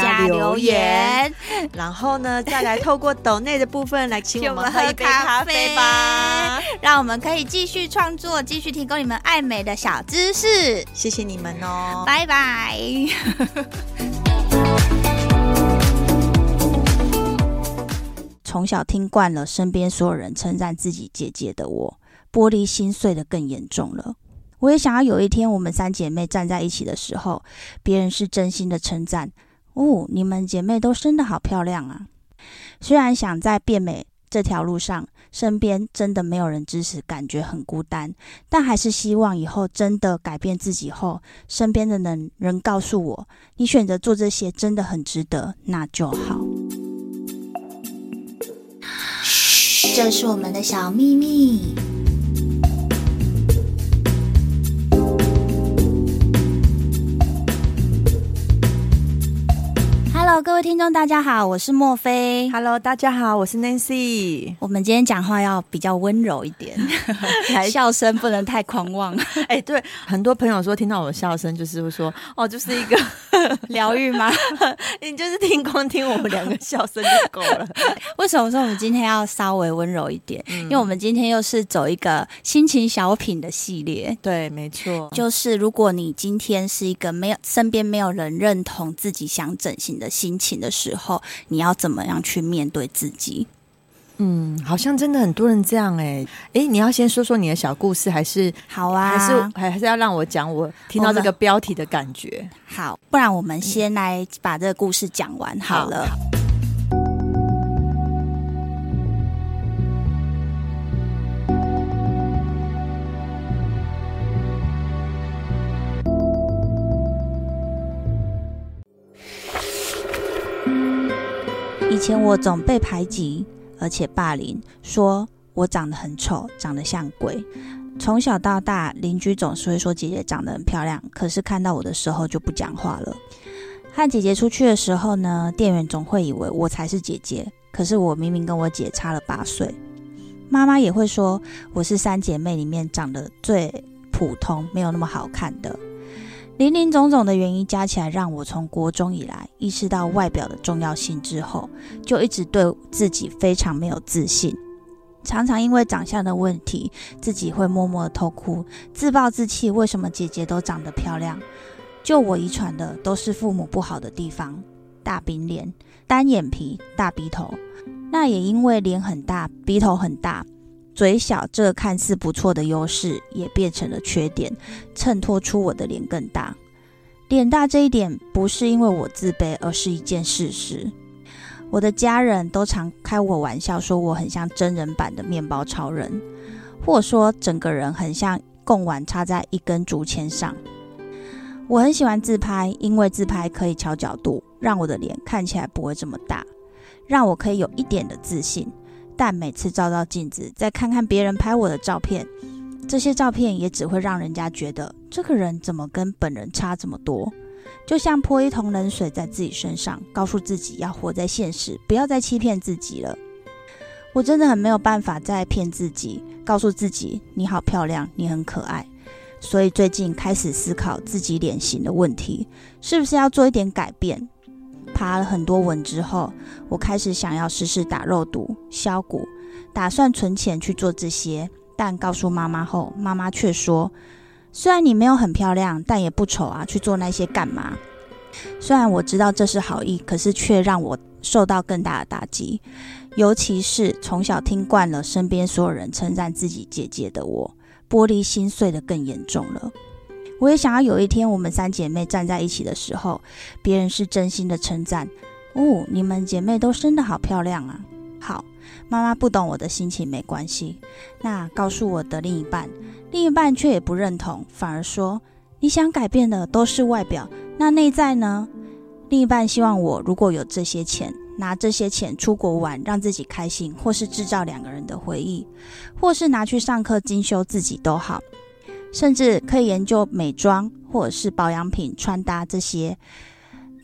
加留言，留然後呢，再來透過斗內的部分來請我們喝咖啡吧， 讓我們可以繼續創作，繼續提供你們愛美的小知識。謝謝你們哦，拜拜。從小聽慣了身邊所有人稱讚自己姐姐的我，玻璃心碎得更嚴重了。我也想要有一天，我們三姐妹站在一起的時候，別人是真心的稱讚。哦，你們姐妹都生得好漂亮啊！雖然想在變美這條路上，身邊真的沒有人支持，感覺很孤單，但還是希望以後真的改變自己後，身邊的人人告訴我，你選擇做這些真的很值得，那就好。這是我們的小秘密。Hello，各位聽眾，大家好，我是莫非。Hello，大家好，我是 Nancy。我們今天講話要比較溫柔一點，來笑聲不能太狂妄。哎、 欸，對，很多朋友說聽到我的笑聲就是會說，哦，就是一個療癒 嗎？ 你就是聽光聽我們兩個笑聲就夠了。 為什麼說我們今天要稍微溫柔一點？嗯、因為我們今天又是走一個心情小品的系列。對，沒錯，就是如果你今天是一個沒有身邊沒有人認同自己想整形的。心情的時候，你要怎麼樣去面對自己？嗯，好像真的很多人這樣哎、欸、哎、欸，你要先說說你的小故事，還是好啊？還是還還是要讓我講我聽到這個標題的感覺？好，不然我們先來把這個故事講完好了。好好以前我總被排擠，而且霸凌，說我長得很醜，長得像鬼。從小到大，鄰居總是會說姐姐長得很漂亮，可是看到我的時候就不講話了。和姐姐出去的時候呢，店員總會以為我才是姐姐，可是我明明跟我姐差了八歲。媽媽也會說我是三姐妹裡面長得最普通，沒有那麼好看的。零零總總的原因加起來，讓我從國中以來意識到外表的重要性之後，就一直對自己非常沒有自信，常常因為長相的問題，自己會默默的偷哭，自暴自棄。為什麼姐姐都長得漂亮？就我遺傳的都是父母不好的地方：大餅臉、單眼皮、大鼻頭。那也因為臉很大，鼻頭很大。嘴小，這看似不錯的優勢，也變成了缺點，襯托出我的臉更大。臉大這一點，不是因為我自卑，而是一件事實。我的家人都常開我玩笑，說我很像真人版的麵包超人，或者說整個人很像貢丸插在一根竹籤上。我很喜歡自拍，因為自拍可以調角度，讓我的臉看起來不會這麼大，讓我可以有一點的自信。但每次照照鏡子，再看看別人拍我的照片，這些照片也只會讓人家覺得這個人怎麼跟本人差這麼多，就像潑一桶冷水在自己身上，告訴自己要活在現實，不要再欺騙自己了。我真的很沒有辦法再騙自己，告訴自己你好漂亮，你很可愛。所以最近開始思考自己臉型的問題，是不是要做一點改變？爬了很多文之後，我開始想要試試打肉毒、削骨，打算存錢去做這些。但告訴媽媽後，媽媽卻說：“雖然你沒有很漂亮，但也不醜啊，去做那些幹嘛？”雖然我知道這是好意，可是卻讓我受到更大的打擊。尤其是從小聽慣了身邊所有人稱讚自己姐姐的我，玻璃心碎得更嚴重了。我也想要有一天，我們三姐妹站在一起的時候，別人是真心的稱讚：“哦，你們姐妹都生得好漂亮啊！”好，媽媽不懂我的心情沒關係。那告訴我的另一半，另一半卻也不認同，反而說：“你想改變的都是外表，那內在呢？”另一半希望我如果有這些錢，拿這些錢出國玩，讓自己開心，或是制造兩個人的回憶，或是拿去上課進修自己都好。甚至可以研究美妝或者是保養品、穿搭這些。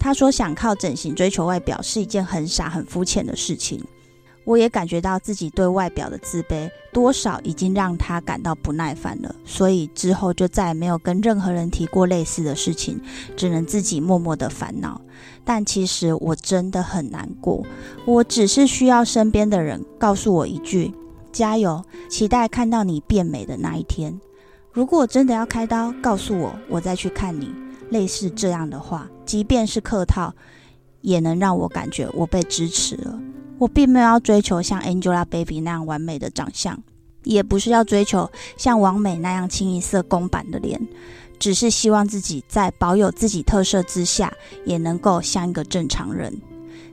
他說：“想靠整形追求外表是一件很傻、很膚淺的事情。”我也感覺到自己對外表的自卑，多少已經讓他感到不耐煩了。所以之後就再也沒有跟任何人提過類似的事情，只能自己默默的煩惱。但其實我真的很難過，我只是需要身邊的人告訴我一句：“加油！”期待看到你變美的那一天。如果我真的要開刀，告訴我，我再去看你。類似這樣的話，即便是客套，也能讓我感覺我被支持了。我並沒有要追求像 Angelababy 那樣完美的長相，也不是要追求像網美那樣清一色公版的臉，只是希望自己在保有自己特色之下，也能夠像一個正常人。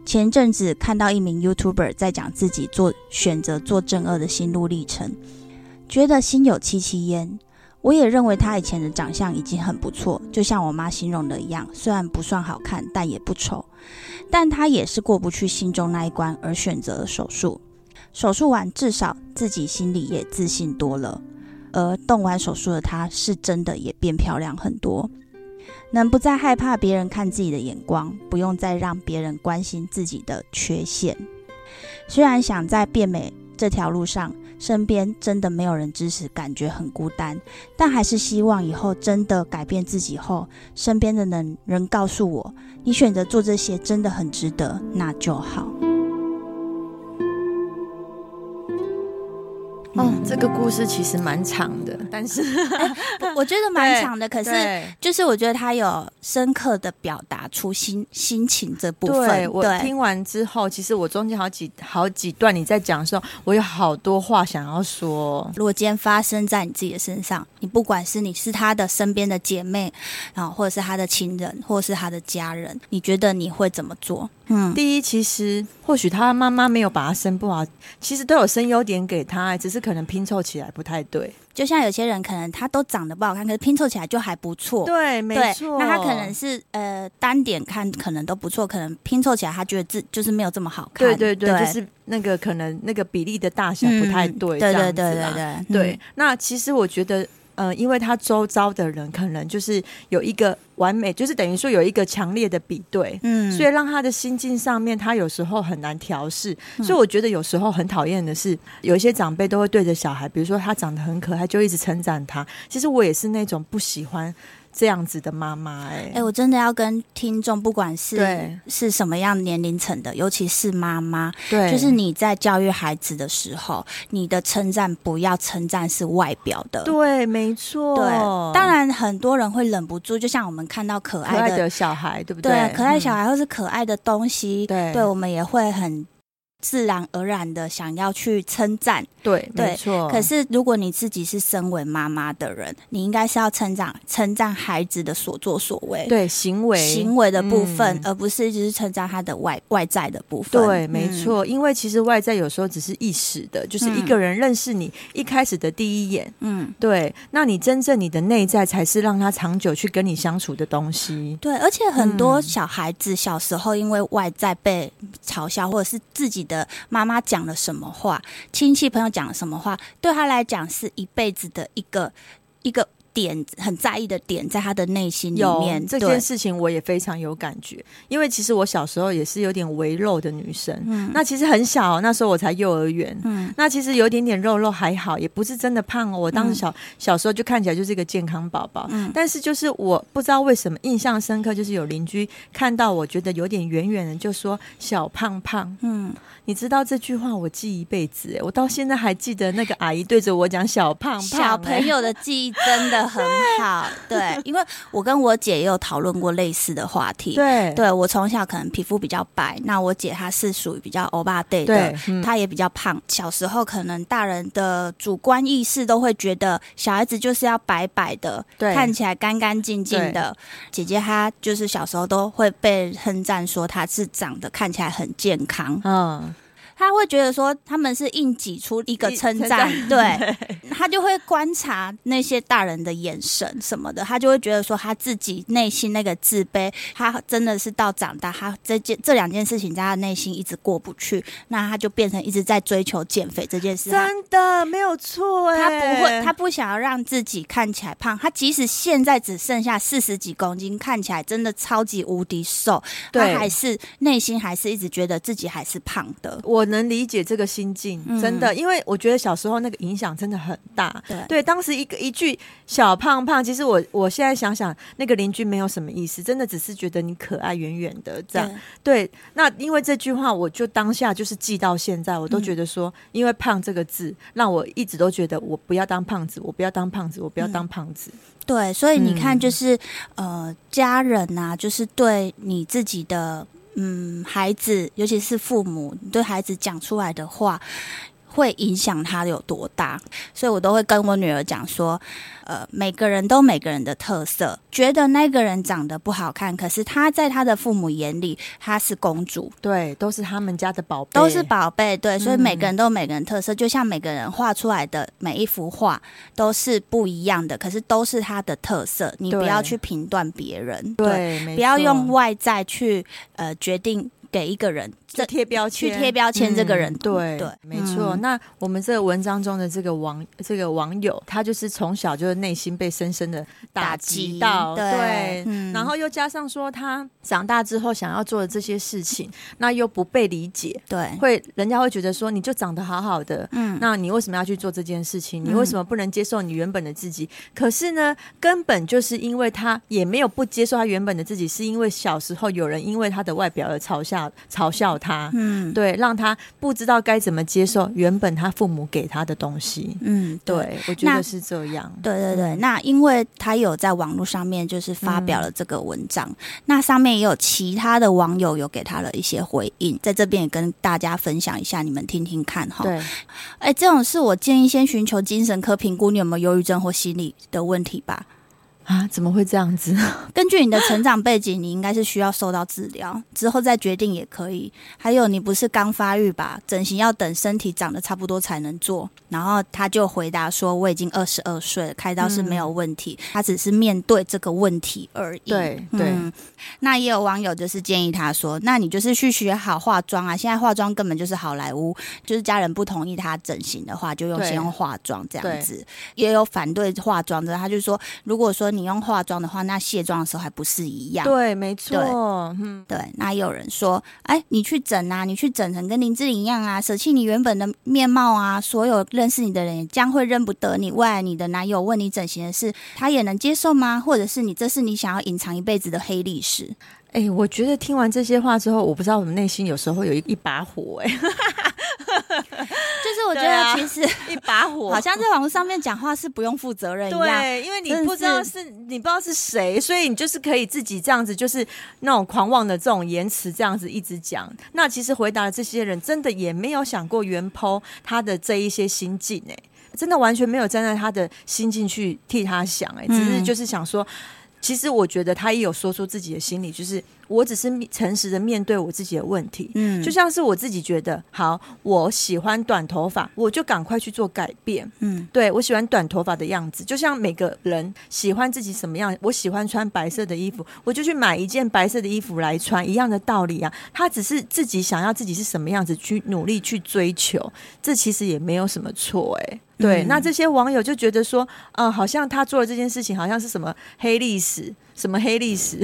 前陣子看到一名 YouTuber 在講自己做選擇做正顎的心路歷程，覺得心有戚戚焉。我也認為她以前的長相已經很不錯，就像我媽形容的一樣，雖然不算好看，但也不醜。但她也是過不去心中那一關，而選擇了手術。手術完，至少自己心裡也自信多了。而動完手術的她，是真的也變漂亮很多，能不再害怕別人看自己的眼光，不用再讓別人關心自己的缺陷。雖然想再變美。這條路上，身邊真的沒有人支持，感覺很孤單，但還是希望以後真的改變自己後，身邊的人，人告訴我，你選擇做這些真的很值得，那就好。哦，嗯、這個故事其實蠻長的，但是，欸、我覺得蠻長的。對可是，就是我覺得他有深刻的表達出心對心情這部分。對，我聽完之後，其實我中間好幾好幾段你在講的時候，我有好多話想要說。哦。如果今天發生在你自己的身上，你不管是你是他的身邊的姐妹，啊，或者是他的親人，或者是他的家人，你覺得你會怎麼做？嗯，第一，其實或許他媽媽沒有把他生不好，其實都有生優點給他，只是。可能拼湊起來不太對，就像有些人可能他都長得不好看，可是拼湊起來就還不錯。對，沒錯。那他可能是呃，單點看可能都不錯，可能拼湊起來他覺得自就是沒有這麼好看。對對對，對就是那個可能那個比例的大小不太對。這樣子，對對對對對、嗯、對。那其實我覺得。嗯，因為他周遭的人可能就是有一個完美，就是等於說有一個強烈的比對，嗯，所以讓他的心境上面，他有時候很難調適。嗯，所以我覺得有時候很討厭的是，有一些長輩都會對着小孩，比如說他長得很可愛，就一直稱讚他。其實我也是那種不喜歡。這樣子的媽媽、欸，哎，哎，我真的要跟聽眾，不管是對是什麼樣年齡層的，尤其是媽媽，對，就是你在教育孩子的時候，你的稱讚不要稱讚是外表的，對，沒錯，對，當然很多人會忍不住，就像我們看到可愛的可愛的小孩，對不對？對，可愛的小孩或是可愛的東西，嗯、對，我們也會很。自然而然的想要去稱讚，對，對，沒錯。可是如果你自己是身為媽媽的人，你應該是要稱讚稱讚孩子的所作所為，對，行為行為的部分，嗯、而不是只是稱讚他的外外在的部分。對，沒錯。嗯、因為其實外在有時候只是一時的，就是一個人認識你一開始的第一眼，嗯，對。那你真正你的內在才是讓他長久去跟你相處的東西。對，而且很多小孩子、嗯、小時候因為外在被嘲笑，或者是自己。的媽媽講了什麼話？親戚朋友講了什麼話？對他來講，是一輩子的一個一個點很在意的點，在他的內心裡面，這件事情我也非常有感覺。因為其實我小時候也是有點微肉的女生，嗯，那其實很小，那時候我才幼兒園，嗯，那其實有點點肉肉還好，也不是真的胖哦。我當時小、嗯、小時候就看起來就是一個健康寶寶，嗯，但是就是我不知道為什麼印象深刻，就是有鄰居看到我覺得有點遠遠的，就說小胖胖，嗯，你知道這句話我記一輩子、欸，我到現在還記得那個阿姨對着我講小胖胖、欸，小朋友的記憶真的很。 很好，對，因為我跟我姐也有討論過類似的話題。對，對我從小可能皮膚比較白，那我姐她是屬於比較歐巴對，的、嗯，她也比較胖。小時候可能大人的主觀意識都會覺得小孩子就是要白白的，對看起來乾乾淨淨的。對姐姐她就是小時候都會被稱讚說她是長得看起來很健康。嗯。他會覺得說他們是硬擠出一個稱讚，對，他就會觀察那些大人的眼神什麼的，他就會覺得說他自己內心那個自卑，他真的是到長大，他這件這兩件事情，在他內心一直過不去，那他就變成一直在追求減肥這件事，真的他沒有錯哎，他不會，他不想要讓自己看起來胖，他即使現在只剩下四十幾公斤，看起來真的超級無敵瘦，對他還是內心還是一直覺得自己還是胖的，我。能理解這個心境，嗯、真的，因為我覺得小時候那個影響真的很大。對，對，當時一個一句“小胖胖”，其實我我現在想想，那個鄰居沒有什麼意思，真的只是覺得你可愛遠遠，遠遠的這樣。對，對，那因為這句話，我就當下就是記到現在，我都覺得說，嗯、因為“胖”這個字，讓我一直都覺得我不要當胖子，我不要當胖子，我不要當胖子。對，所以你看，就是、嗯、呃，家人啊，就是對你自己的。嗯，孩子，尤其是父母，對孩子講出來的話，會影響他有多大，所以我都會跟我女兒講說，呃，每個人都每個人的特色，覺得那個人長得不好看，可是他在他的父母眼裡，他是公主，對，都是他們家的寶貝，都是寶貝，對，所以每個人都有每個人特色，嗯、就像每個人畫出來的每一幅畫都是不一樣的，可是都是他的特色，你不要去評斷別人，對，不要用外在去呃決定。給一個人這貼標籤，去貼標籤，這個人對、嗯、對，沒錯。嗯、那我們這個文章中的這個網這個網友，他就是從小就是內心被深深的打擊到，打擊，對。對嗯、然後又加上說，他長大之後想要做的這些事情，那又不被理解，對。會人家會覺得說，你就長得好好的，嗯，那你為什麼要去做這件事情？你為什麼不能接受你原本的自己？嗯、可是呢，根本就是因為他也沒有不接受他原本的自己，是因為小時候有人因為他的外表而嘲笑。嘲笑他，嗯，對，讓他不知道該怎麼接受原本他父母給他的東西，嗯，對，我覺得是這樣，對對對，嗯、那因為他有在網絡上面就是發表了這個文章，嗯、那上面也有其他的網友有給他了一些回應，在這邊也跟大家分享一下，你們聽聽看哈，對，哎、欸，這種事我建議先尋求精神科評估，你有沒有憂鬱症或心理的問題吧。啊，怎麼會這樣子？根據你的成長背景，你應該是需要受到治療之後再決定也可以。還有，你不是剛發育吧？整形要等身體長得差不多才能做。然後他就回答說：“我已經二十二歲了，開刀是沒有問題。嗯”他只是面對這個問題而已。對對、嗯。那也有網友就是建議他說：“那你就是去學好化妝啊！現在化妝根本就是好萊塢。”就是家人不同意他整形的話，就用先用化妝這樣子。也有反對化妝的，他就說：“如果說你。”你用化妝的話，那卸妝的時候還不是一樣？對，沒錯。嗯、對，那有人說，哎，你去整啊，你去整成跟林志玲一樣啊，捨棄你原本的面貌啊，所有認識你的人將會認不得你。未來你的男友問你整形的事，他也能接受嗎？或者是你這是你想要隱藏一輩子的黑歷史？哎，我覺得聽完這些話之後，我不知道我們內心有時候有一一把火哎、欸。 就是我覺得其實、啊、一把火，好像在網絡上面講話是不用負責任一樣，對，因為你不知道是，是你不知道是誰，所以你就是可以自己這樣子，就是那種狂妄的這種言辭，這樣子一直講。那其實回答的這些人真的也沒有想過原 po 他的這一些心境、欸，哎，真的完全沒有站在他的心境去替他想、欸，哎，只是就是想說。嗯其實我覺得他也有說出自己的心理，就是我只是誠實的面對我自己的問題，嗯，就像是我自己覺得好，我喜歡短頭髮，我就趕快去做改變，嗯，對我喜歡短頭髮的樣子，就像每個人喜歡自己什麼樣，我喜歡穿白色的衣服，我就去買一件白色的衣服來穿，一樣的道理啊。他只是自己想要自己是什麼樣子，去努力去追求，這其實也沒有什麼錯，欸，哎。對，那這些網友就覺得說，嗯、呃，好像他做的這件事情，好像是什麼黑歷史，什麼黑歷史，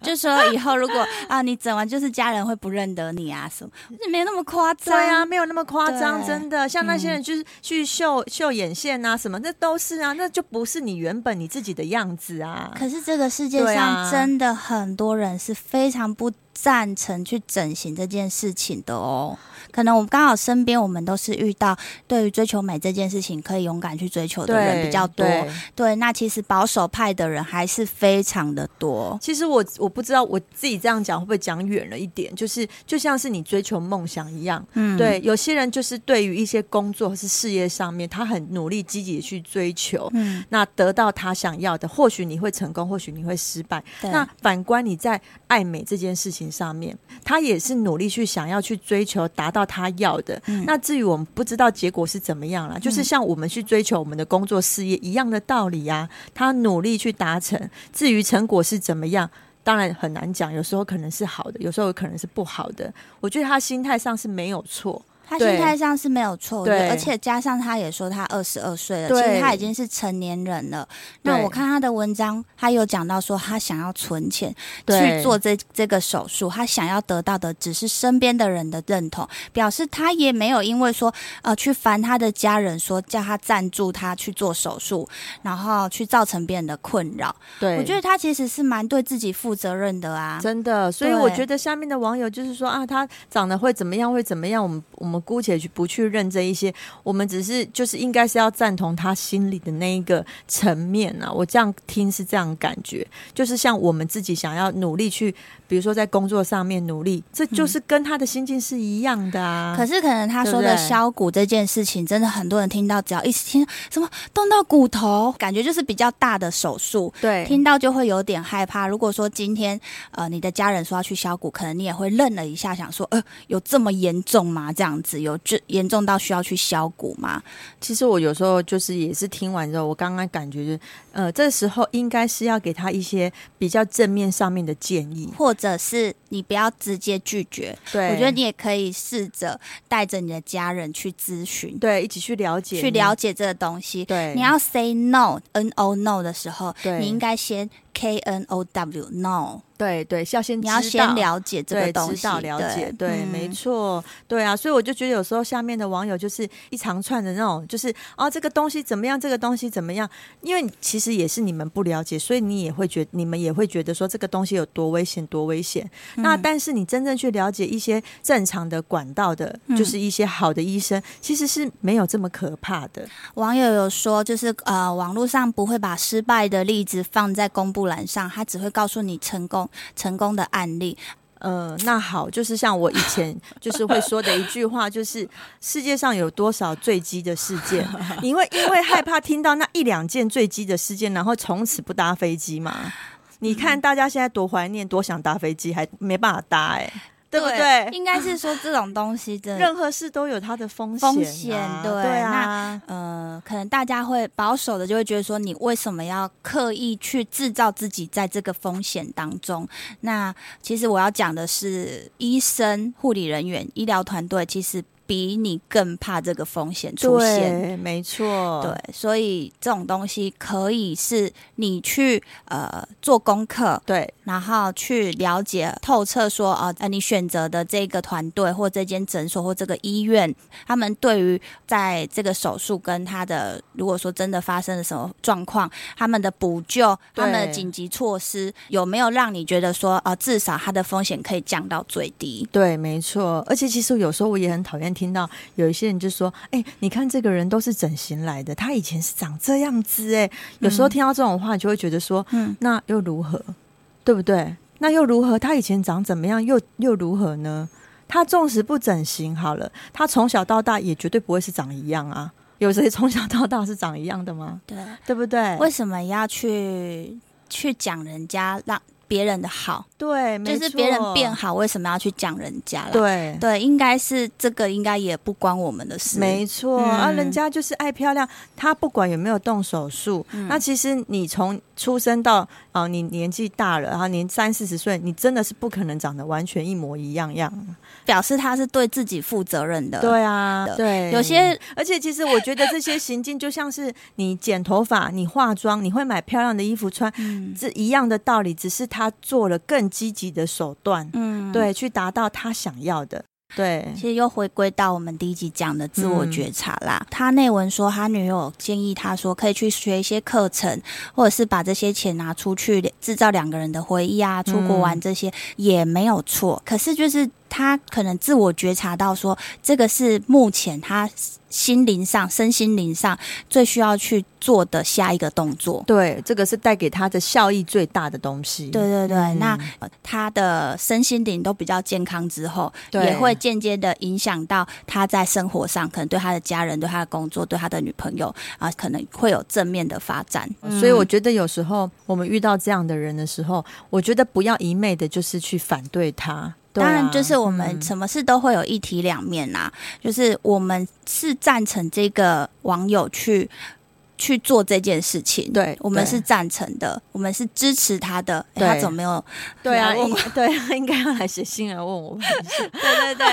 就說以後如果 啊，你整完就是家人會不認得你啊什麼，沒有那麼誇張，對啊，沒有那麼誇張，對真的，像那些人就是去秀、嗯、秀眼線啊什麼，那都是啊，那就不是你原本你自己的樣子啊。可是這個世界上真的很多人是非常不。贊成去整形這件事情的哦，可能我們剛好身邊我們都是遇到對於追求美這件事情可以勇敢去追求的人比較多。對、對、對，那其實保守派的人還是非常的多。其實我我不知道我自己這樣講會不會講遠了一點，就是就像是你追求夢想一樣，嗯，對，有些人就是對於一些工作或是事業上面，他很努力積極的去追求，嗯，那得到他想要的，或許你會成功，或許你會失敗。對，那反觀你在愛美這件事情上面，他也是努力去想要去追求，達到他要的。嗯、那至於我們不知道結果是怎麼樣啦，嗯、就是像我們去追求我們的工作事業一樣的道理啊。他努力去達成，至於成果是怎麼樣，當然很難講。有時候可能是好的，有時候可能是不好的。我覺得他心態上是沒有錯。他心態上是沒有錯的，對而且加上他也說他二十二歲了，對其實他已經是成年人了。對那我看他的文章，他有講到說他想要存錢去做這對這個手術，他想要得到的只是身邊的人的認同，表示他也沒有因為說呃去煩他的家人說，說叫他贊助他去做手術，然後去造成別人的困擾。對我覺得他其實是蠻對自己負責任的啊，真的。所以我覺得下面的網友就是說啊，他長得會怎麼樣會怎麼樣，我們我們。姑且去不去認這一些，我們只是就是應該是要贊同他心裡的那一個層面啊。我這樣聽是這樣感覺，就是像我們自己想要努力去，比如說在工作上面努力，這就是跟他的心境是一樣的啊。嗯。可是可能他說的削骨這件事情，真的很多人聽到，只要一直聽到什麼動到骨頭，感覺就是比較大的手術，對，聽到就會有點害怕。如果說今天呃你的家人說要去削骨，可能你也會愣了一下，想說呃有這麼嚴重嗎？這樣子。只有就嚴重到需要去削骨嗎？其實我有時候就是也是聽完之後，我剛剛感覺、就是，呃，這時候應該是要給他一些比較正面上面的建議，或者是。你不要直接拒絕，對我覺得你也可以試着帶着你的家人去諮詢，對，一起去了解，去了解這個東西。對，你要 say no，n o no 的時候，對你應該先 k n o w no 對。對對，要先你要先了解這個東西，知道，了解，對，對，嗯，沒錯，對啊。所以我就覺得有時候下面的網友就是一長串的那種，就是哦，這個東西怎麼樣？這個東西怎麼樣？因為其實也是你們不了解，所以你也會覺得，你們也會覺得說這個東西有多危險，多危險。嗯、那但是你真正去了解一些正常的管道的，嗯、就是一些好的醫生，其實是沒有這麼可怕的。網友有說，就是呃，網絡上不會把失敗的例子放在公布欄上，他只會告訴你成功成功的案例。呃，那好，就是像我以前就是會說的一句話， 就是世界上有多少墜機的事件， 你會因，因為害怕聽到那一兩件墜機的事件，然後從此不搭飛機嗎？你看，大家現在多懷念，多想搭飛機，還沒辦法搭欸，哎，對不對？對，應該是說這種東西真的， 任何事都有它的風險啊，風險，對，對啊。那呃，可能大家會保守的，就會覺得說，你為什麼要刻意去製造自己在這個風險當中？那其實我要講的是，醫生、護理人員、醫療團隊，其實。比你更怕這個風險出現，對，沒錯，對，所以這種東西可以是你去呃做功課，對，然後去了解透徹，說啊，呃，你選擇的這個團隊或這間診所或這個醫院，他們對於在這個手術跟他的，如果說真的發生了什麼狀況，他們的補救、對他們的緊急措施有沒有讓你覺得說啊、呃，至少它的風險可以降到最低？對，沒錯，而且其實有時候我也很討厭。聽到有一些人就說：“哎、欸，你看這個人都是整形來的，他以前是長這樣子、欸。嗯”哎，有時候聽到這種話，你就會覺得說：“嗯，那又如何？對不對？那又如何？他以前長怎麼樣？又又如何呢？他縱使不整形，好了，他從小到大也絕對不會是長一樣啊。有誰從小到大是長一樣的嗎？對，對不對？為什麼要去去講人家讓？”別人的好，對，就是別人變好，為什麼要去講人家啦？對對，應該是這個，應該也不關我們的事沒錯，沒錯、嗯。啊，人家就是愛漂亮，她不管有沒有動手術，嗯、那其實你從出生到啊、哦，你年紀大了，然後年三四十歲，你真的是不可能長得完全一模一樣樣，表示他是對自己負責任的。對啊，對，有些而且其實我覺得這些行徑就像是你剪頭髮、 你化妝、你會買漂亮的衣服穿，嗯、這一樣的道理，只是他做了更積極的手段，嗯，對，去達到他想要的。對，其實又回歸到我們第一集講的自我覺察啦。嗯，他內文說，他女友建議他說，可以去學一些課程，或者是把這些錢拿出去製造兩個人的回憶啊，出國玩這些也沒有錯。可是就是他可能自我覺察到說，這個是目前他。心靈上、身心靈上最需要去做的下一個動作，對，這個是帶給他的效益最大的東西。對對對，嗯、那他的身心靈都比較健康之後，對也會間接的影響到他在生活上，可能對他的家人、對他的工作、對他的女朋友啊、呃，可能會有正面的發展。嗯、所以我覺得有時候我們遇到這樣的人的時候，我覺得不要一昧的，就是去反對他。當然，就是我們什麼事都會有一體兩面吶。嗯、就是我們是贊成這個網友去。去做這件事情，對，我們是贊成的，我們是支持他的。他總沒有？對啊，對，應該要來寫信來問我們。對對對，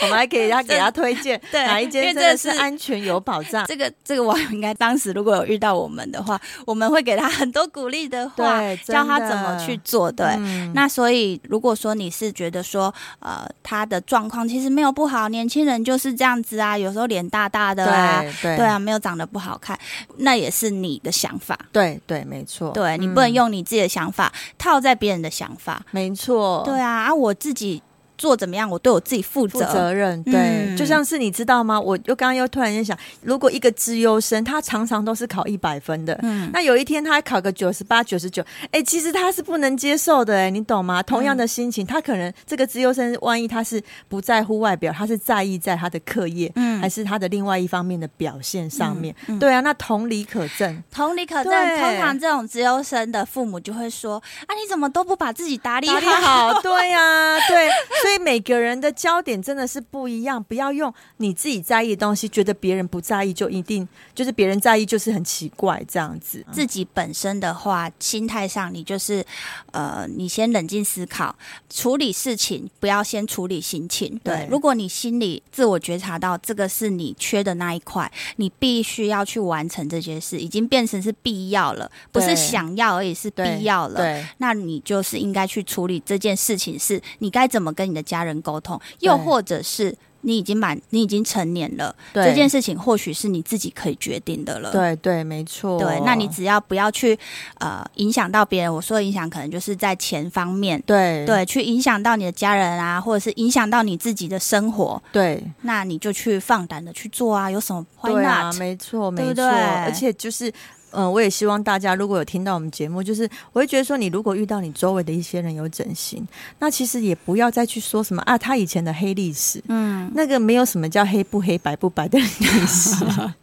我們還可以他給他推薦哪一間，因為這是安全有保障。這個這個網友應該當時如果有遇到我們的話，我們會給他很多鼓勵的話，教他怎麼去做。對，那所以如果說你是覺得說，呃，他的狀況其實沒有不好，年輕人就是這樣子啊，有時候臉大大的啊，對啊，沒有長得不好看那。那也是你的想法，對對，沒錯，對，你不能用你自己的想法、嗯、套在別人的想法，沒錯，對啊，啊，我自己。做怎麼樣？我對我自己負負責,責任，對，嗯、就像是你知道嗎？我又剛剛又突然間想，如果一個資優生，他常常都是考一百分的，嗯，那有一天他還考個九十八、九十九，哎，其實他是不能接受的、欸，哎，你懂嗎？同樣的心情，嗯、他可能這個資優生，萬一他是不在乎外表，他是在意在他的課業，嗯，還是他的另外一方面的表現上面？嗯嗯、對啊，那同理可證，同理可證，對通常這種資優生的父母就會說，啊，你怎麼都不把自己打理好？對呀，對、啊。 對所以所以每個人的焦點真的是不一樣，不要用你自己在意的東西，覺得別人不在意就一定就是別人在意就是很奇怪這樣子。自己本身的話，心態上你就是呃，你先冷靜思考，處理事情不要先處理心情。對，如果你心裡自我覺察到這個是你缺的那一塊，你必須要去完成這件事，已經變成是必要了，不是想要而已，是必要了。對，對那你就是應該去處理這件事情，是你該怎麼跟你的。家人溝通，又或者是你已經滿，你已經成年了，對這件事情或許是你自己可以決定的了。對對，沒錯。對，那你只要不要去呃影響到別人。我說的影響，可能就是在錢方面。對對，去影響到你的家人啊，或者是影響到你自己的生活。對，那你就去放膽的去做啊，有什麼？對啊，沒錯，沒錯。而且就是。嗯，我也希望大家如果有聽到我們節目，就是我會覺得說，你如果遇到你周圍的一些人有整形，那其實也不要再去說什麼啊，他以前的黑歷史。嗯，那個沒有什麼叫黑不黑白不白的歷史。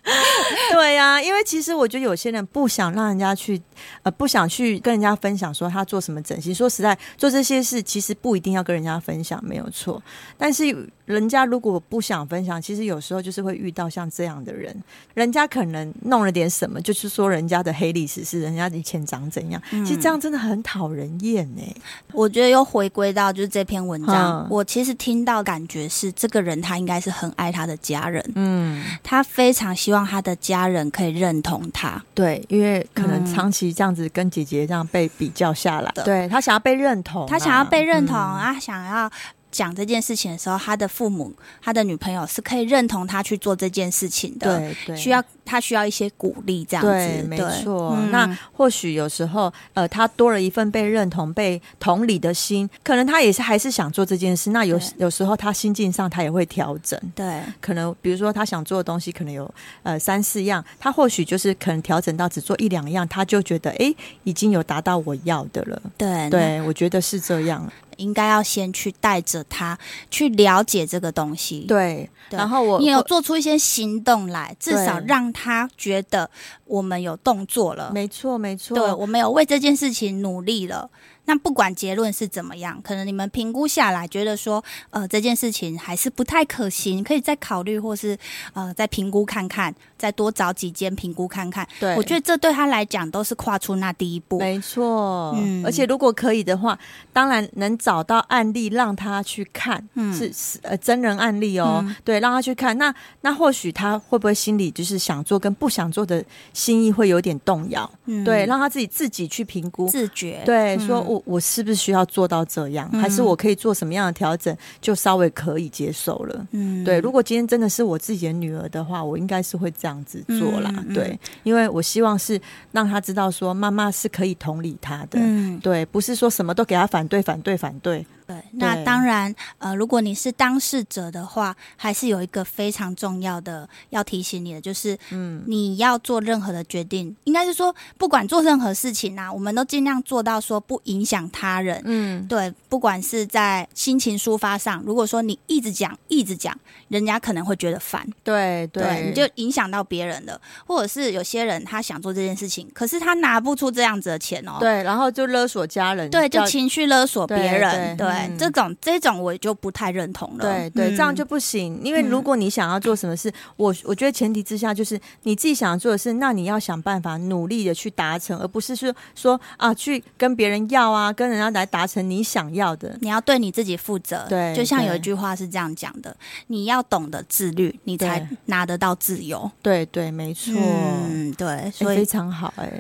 對呀、啊，因為其實我覺得有些人不想讓人家去，呃，不想去跟人家分享說他做什麼整形。說實在，做這些事其實不一定要跟人家分享，沒有錯。但是人家如果不想分享，其實有時候就是會遇到像這樣的人，人家可能弄了點什麼，就是說人家的黑歷史是人家以前長怎樣。嗯、其實這樣真的很討人厭哎、欸。我覺得又回歸到就是這篇文章，呵我其實聽到感覺是這個人他應該是很愛他的家人，嗯，他非常希望他的家。家人可以認同他，對，因為可能長期這樣子跟姐姐這樣被比較下來的，對他想要被認同，他想要被認同，啊，想要。講這件事情的時候，他的父母、他的女朋友是可以認同他去做這件事情的，對對，需要他需要一些鼓勵，這樣子。對沒錯，對嗯、那或許有時候，呃，他多了一份被認同、被同理的心，可能他也是還是想做這件事。那有對有時候，他心境上他也會調整。對，可能比如說他想做的東西，可能有呃三四樣，他或許就是可能調整到只做一兩樣，他就覺得哎，已經有達到我要的了。對，對那我覺得是這樣。應該要先去帶着他去了解這個東西，對。對然後我，你有做出一些行動來，至少讓他覺得我們有動作了。沒錯，沒錯，沒對，我們有為這件事情努力了。那不管結論是怎麼樣，可能你們評估下來覺得說，呃，這件事情還是不太可行，可以再考慮，或是呃，再評估看看，再多找幾間評估看看。對，我覺得這對他來講都是跨出那第一步。沒錯，嗯。而且如果可以的話，當然能找到案例讓他去看，嗯、是是呃真人案例哦，嗯、對，讓他去看。那那或許他會不會心裡就是想做跟不想做的心意會有點動搖？嗯，對，讓他自己自己去評估，自覺。對，說我。嗯我是不是需要做到這樣，嗯、還是我可以做什麼樣的調整就稍微可以接受了？嗯，對。如果今天真的是我自己的女兒的話，我應該是會這樣子做啦。嗯嗯、對，因為我希望是讓她知道，說媽媽是可以同理她的。嗯，對，不是說什麼都給她反對、反對、反對。對，那當然，對呃，如果你是當事者的話，還是有一個非常重要的要提醒你的，就是，嗯，你要做任何的決定，應該是說，不管做任何事情吶、啊，我們都儘量做到說不影。想他人，嗯，對，不管是在心情抒發上，如果說你一直講，一直講，人家可能會覺得煩，對，對，對，你就影響到別人了，或者是有些人他想做這件事情，可是他拿不出這樣子的錢哦，對，然後就勒索家人，對，就情緒勒索別人，對，對，嗯、對，這種這種我就不太認同了，對，對，嗯嗯、這樣就不行，因為如果你想要做什麼事，我、嗯、我覺得前提之下就是你自己想要做的事，那你要想辦法努力的去達成，而不是說說啊，去跟別人要啊。啊，跟人家來達成你想要的，你要對你自己負責。對，就像有一句話是這樣講的，你要懂得自律，你才拿得到自由。對對，沒錯。嗯，對，所以非常好。哎，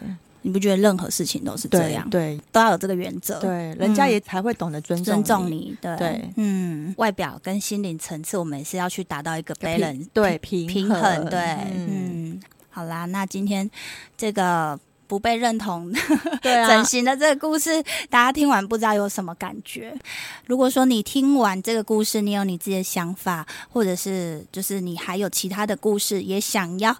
你不覺得任何事情都是這樣？對，都要有這個原則。對，人家也才會懂得尊重尊重你。對，嗯，外表跟心靈層次，我們也是要去達到一個 balance。對，平衡。對，嗯，好啦，那今天這個。不被認同的整形的這個故事，對啊，大家聽完不知道有什麼感覺？如果說你聽完這個故事，你有你自己的想法，或者是就是你還有其他的故事也想要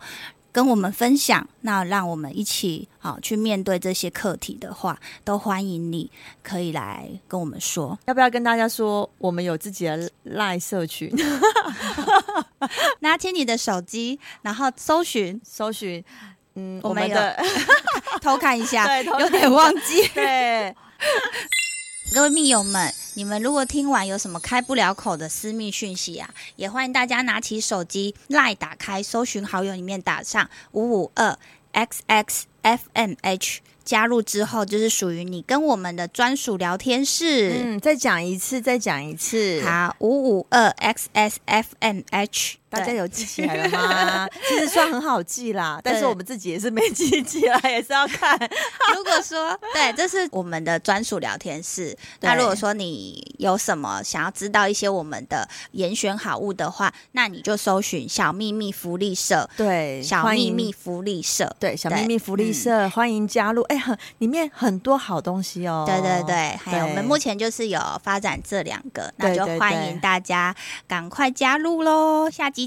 跟我們分享，那讓我們一起啊、哦、去面對這些課題的話，都歡迎你可以來跟我們說。要不要跟大家說，我們有自己的 Line 社群？ 拿起你的手機，然後搜尋，搜尋。嗯，我，沒有我們的偷看一下， 偷有點忘記。對， 各位密友們，你們如果聽完有什麼開不了口的私密訊息啊，也歡迎大家拿起手機，LINE 打開，搜尋好友裡面打上五五二 x x f m h，加入之後就是屬於你跟我們的專屬聊天室。嗯，再講一次，再講一次。好，五五二 x x f m h。大家有記起來了嗎？其實算很好記啦，但是我們自己也是沒記起來，也是要看。如果說，對，這是我們的專屬聊天室。那如果說你有什麼想要知道一些我們的嚴選好物的話，那你就搜尋小秘密福利社。對，小秘密福利社。對，小秘密福利社。歡迎加入，哎，很裡面很多好東西哦。對對對，還有我們目前就是有發展這兩個，那就歡迎大家趕快加入嘍。下集。